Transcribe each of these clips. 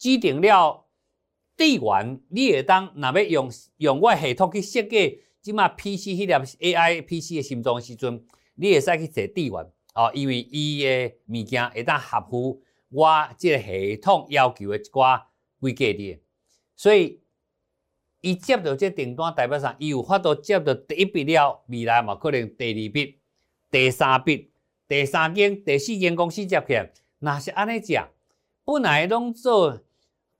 制定了電源，你會當若要用用我的系統去設計即嘛 PC 迄粒 AI PC 的心臟時陣，你會使去摕電源哦，因為伊嘅物件會當合乎我即個系統要求嘅一寡規格嘅。所以，伊接到即訂單代表啥？伊有法度接到第一筆了，未來嘛可能第二筆、第三筆、第三間、第四間公司接起來，若是安尼講，本來攏做。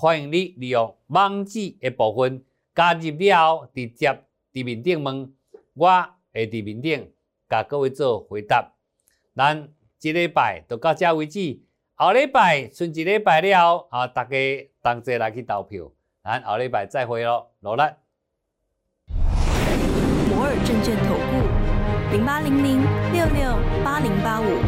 歡迎你利用網址嘅部分加入了後，直接喺面頂問我會，會喺面頂同各位做回答。但一禮拜就到咗呢個為止，後禮拜剩一禮拜了，啊，大家同齊嚟去投票。但後禮拜再會咯，羅蘭。摩爾證券投顧零八零零六六八零八五。